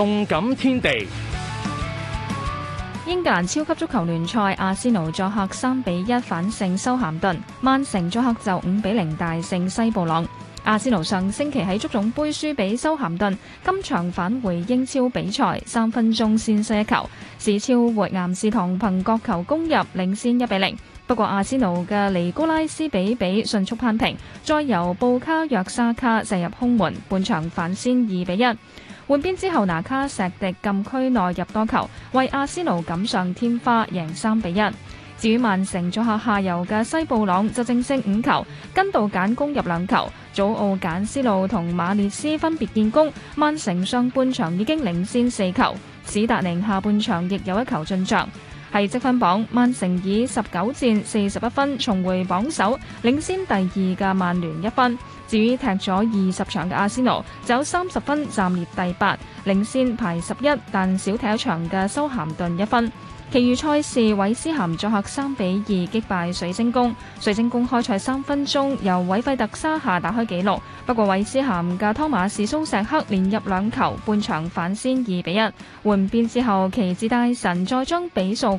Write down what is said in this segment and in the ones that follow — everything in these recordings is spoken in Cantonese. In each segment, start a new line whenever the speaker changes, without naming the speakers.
動感天地，英格蘭超級足球聯賽，阿仙奴作客三比一反勝修咸頓，曼城作客就五比零大勝西布朗。阿仙奴上星期喺足總盃輸俾修咸頓，今場返回英超比賽，三分鐘先射一球，史超活岩士唐憑角球攻入，領先一比零。不過阿仙奴嘅尼古拉斯比比迅速扳平，再由布卡約沙卡射入空門，半場反先二比一。換邊之後，拿卡石迪禁區內入多球，為阿仙奴錦上添花，贏三比一。至於曼城左下下游嘅西布朗就淨勝五球，根杜簡攻入兩球，祖奧簡斯路同馬列斯分別建功，曼城上半場已經領先四球，史達寧下半場亦有一球進賬。係積分榜，曼城以十九戰四十一分重回榜首，領先第二嘅曼聯一分。至於踢咗二十場嘅阿仙奴，就有三十分暫列第八，領先排十一但少踢一場嘅修咸頓一分。其餘賽事，韋斯咸作客三比二擊敗水晶宮。水晶宮開賽三分鐘由韋費特沙下打開紀錄。不過韋斯咸嘅湯馬士蘇石克連入兩球，半場反先二比一。換邊之後，奇志大神再將比數。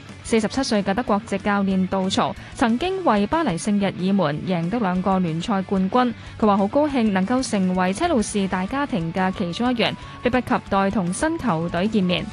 四十七歲嘅德國籍教練杜曹曾經為巴黎聖日耳門贏得兩個聯賽冠軍，佢話好高興能夠成為車路士大家庭嘅其中一員，迫不及待同新球隊見面。